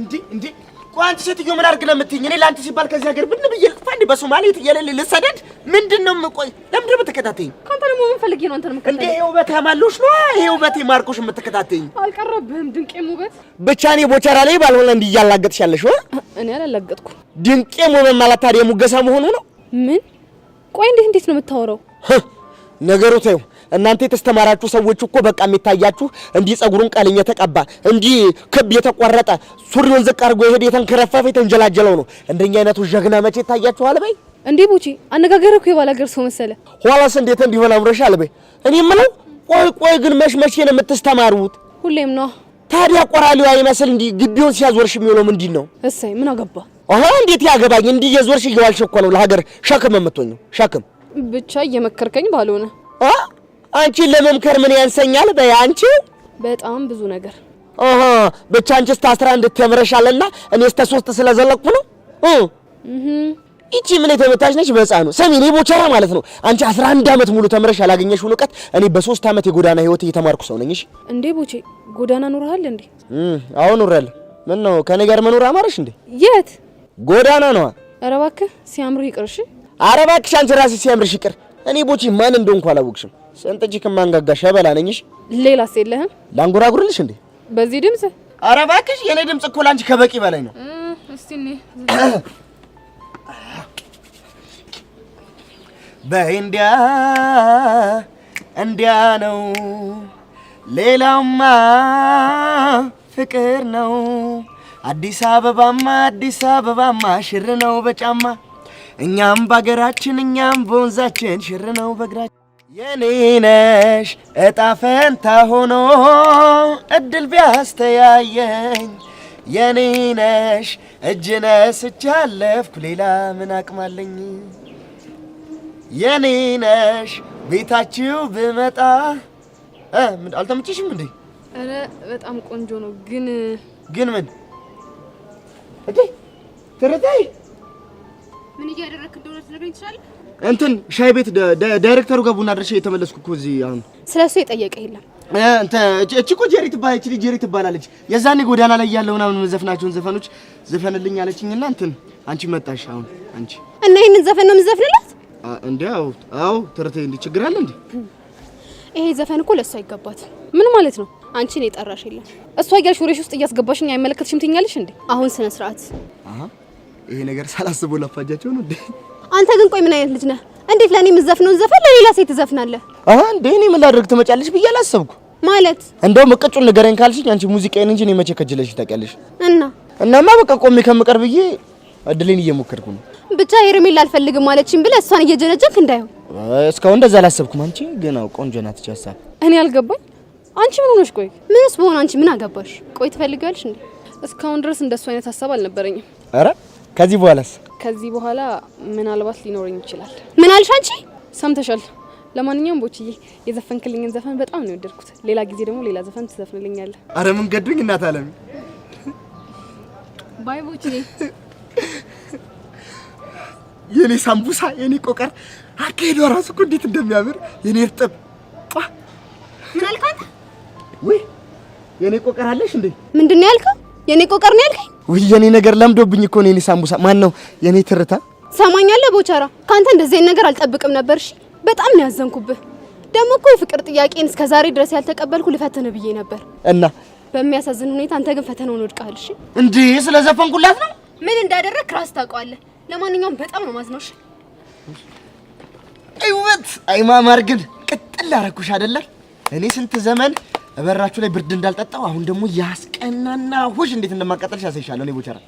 እንዴ እንዴ ቆይ አንቺ ሴትዮ ምን አድርግ ነው የምትይኝ? እኔ ለአንቺ ሲባል ከዚህ ሀገር ብን ብዬ ልጥፋ እንዴ? በሶማሌ ልሰደድ? ምንድን ነው ለምንድን ነው ከአንተ ደግሞ ምን ፈልጌ ነው እንዴ ይሄ ውበቴ ማርኮሽ አልቀረብህም ድንቄም ውበት። ብቻ እኔ ቦቻራ ላይ ባልሆነ እንዲህ እያላገጥሽ ያለሽ ወይ? እኔ ድንቄም ውበት ማለት ታዲያ ሙገሳ መሆኑ ነው? ምን ቆይ እንዴት እንዴት ነው የምታወራው? ነገሩ ተይው እናንተ የተስተማራችሁ ሰዎች እኮ በቃ የሚታያችሁ እንዲህ ጸጉሩን ቀልኝ የተቀባ እንዲህ ክብ የተቆረጠ ሱሪውን ዝቅ አድርጎ የሄደ የተንከረፈፈ የተንጀላጀለው ነው። እንደኛ አይነቱ ጀግና መቼ ይታያችኋል? በይ እንዴ ቡቺ አነጋገር እኮ የባል ሰው መሰለ። ኋላስ እንዴት እንዲሆን አምሮሻል? በይ እኔ የምለው ቆይ ቆይ ግን መች መቼ ነው የምትስተማሩት? ሁሌም ነው ታዲያ ቆራሊው አይመስል እንዲህ ግቢውን ሲያዞርሽ የሚውለው ምንድን ነው? እሰይ ምን አገባ? አሃ እንዴት ያገባኝ? እንዲህ የዞርሽ እየዋልሽ እኮ ነው ለሀገር ሸክም የምትሆኝው። ሸክም ብቻ እየመከርከኝ ባልሆነ አንቺን ለመምከር ምን ያንሰኛል? በይ አንቺ በጣም ብዙ ነገር አሀ ብቻ አንቺ እስከ አስራ አንድ ተምረሻልና እኔ እስከ ሶስት ስለዘለቅኩ ነው። እቺ ምን የተመታች ነች? በሕፃኑ ስሚ፣ እኔ ቦቸራ ማለት ነው። አንቺ 11 ዓመት ሙሉ ተምረሽ ያላገኘሽውን እውቀት እኔ በሶስት ዓመት የጎዳና ህይወት እየተማርኩ ሰው ነኝ። እሺ እንዴ ቦቼ፣ ጎዳና ኖርሃል እንዴ? አዎ ኖሬያለሁ። ምን ነው ከኔ ጋር መኖር አማረሽ እንዴ? የት ጎዳና ነዋ? ኧረ እባክህ ሲያምርህ ይቅር። እሺ ኧረ እባክሽ አንቺ ራስሽ ሲያምርሽ ይቅር። እኔ ቦቼ ማን እንደሆንኩ አላወቅሽም። ስንጥጂ ከማንጋጋ ሸበላ ነኝሽ። ሌላስ የለህም? ላንጎራጉርልሽ እንዴ በዚህ ድምጽ ኧረ እባክሽ የኔ ድምፅ እኮ ላንቺ ከበቂ በላይ ነው። እስቲ እኔ በይ እንዲያ እንዲያ ነው፣ ሌላውማ ፍቅር ነው። አዲስ አበባማ አዲስ አበባማ ሽር ነው በጫማ እኛም በሀገራችን እኛም በወንዛችን ሽር ነው በእግራችን የኔነሽ እጣ ፈንታ ሆኖ እድል ቢያስተያየኝ የኔነሽ እጅ ነስቼ አለፍኩ ሌላ ምን አቅማለኝ የኔነሽ ቤታችሁ ብመጣ አልተመችሽም እንዴ? ኧረ በጣም ቆንጆ ነው። ግን ግን ምን እንዴ ትርታይ ምን እያደረክ እንደሆነ ትነግረኝ ትችላለህ? እንትን ሻይ ቤት ዳይሬክተሩ ጋር ቡና አድርሼ እየተመለስኩ እኮ እዚህ። አሁን ስለሱ የጠየቀ የለም። እቺ እኮ ጄሪ ትባላለች፣ ልጅ ጄሪ ትባላለች። የዛኔ ጎዳና ላይ ያለው ምናምን መዘፍናቸውን ዘፈኖች ዘፈንልኝ አለችኝና እንትን አንቺ መጣሽ። አሁን አንቺ እና ይሄንን ዘፈን ነው የምትዘፍንላት እንዴ? አዎ፣ አዎ። ትርቴ እንዴ ችግር አለ እንዴ? ይሄ ዘፈን እኮ ለእሱ አይገባትም። ምን ማለት ነው? አንቺን የጠራሽ የለም። እሷ እያልሽ ወሬሽ ውስጥ እያስገባሽኝ አይመለከትሽም ትኛለሽ እንዴ? አሁን ስነ ስርዓት ይሄ ነገር ሳላስቦ ላፋጃቸው ነው እንዴ? አንተ ግን ቆይ ምን አይነት ልጅ ነህ? እንዴት ለኔ የምትዘፍነውን ዘፈን ለሌላ ሴት ትዘፍናለህ? አሃ እንዴ እኔ ምን ላድርግ ትመጫለሽ ብዬ አላሰብኩ ማለት። እንደውም እቅጩን ንገረኝ ካልሽኝ አንቺ ሙዚቃዬን እንጂ እኔ መቼ ከጅለሽ ታውቂያለሽ? እና እናማ በቃ ቆሜ ከምቀር ብዬ እድሌን እየሞከርኩ ነው። ብቻ ሄርሜላ አልፈልግም ማለችኝ ብለህ እሷን እየጀነጀንክ እንዳይሆን። እስካሁን እንደዛ አላሰብኩም። አንቺ ግን ቆንጆ ናት እቺ እኔ አልገባኝ። አንቺ ምን ሆነሽ? ቆይ ምንስ በሆነ አንቺ ምን አገባሽ? ቆይ ትፈልጊያለሽ እንዴ? እስካሁን ድረስ እንደሱ አይነት ሀሳብ አልነበረኝም። አረ ከዚህ በኋላስ? ከዚህ በኋላ ምናልባት ሊኖረኝ ይችላል። ምን አልሽ አንቺ? ሰምተሻል። ለማንኛውም ቦችዬ የዘፈንክልኝን ዘፈን በጣም ነው የወደድኩት። ሌላ ጊዜ ደግሞ ሌላ ዘፈን ትዘፍንልኛለህ። አረ ምን ገዱኝ እናት አለም። ባይ ቦችዬ። የኔ ሳምቡሳ፣ የኔ ቆቀር አካሄዷ ራሱ እኮ እንዴት እንደሚያምር የኔ እርጥብ። ምን አልከው አንተ? ወይ የኔ ቆቀር አለሽ እንዴ? ምንድን ነው ያልከው? የኔ ቆቀር ነው ያልከኝ? ውይ የኔ ነገር ለምዶብኝ እኮ ነው። የኔ ሳምቡሳ ማን ነው የኔ ትርታ? ሰማኛለህ ቦቻራ፣ ካንተ እንደዚህ ነገር አልጠብቅም ነበር። እሺ በጣም ነው ያዘንኩብህ። ደግሞ እኮ የፍቅር ጥያቄን እስከ ዛሬ ድረስ ያልተቀበልኩ ልፈትንህ ብዬ ነበር እና በሚያሳዝን ሁኔታ አንተ ግን ፈተናውን ወድቀሃል። እሺ እንዴ ስለዘፈንኩላት ነው ምን እንዳደረግህ ራስህ ታውቀዋለህ። ለማንኛውም በጣም ነው ማዝነው። እሺ አይወት አይማማር ግን ቅጥል አደረኩሽ አይደለም እኔ ስንት ዘመን በራችሁ ላይ ብርድ እንዳልጠጣው አሁን ደግሞ ያስቀናና ሁሽ እንዴት እንደማቃጠልሽ ያሳይሻለሁ። እኔ ቦቸራ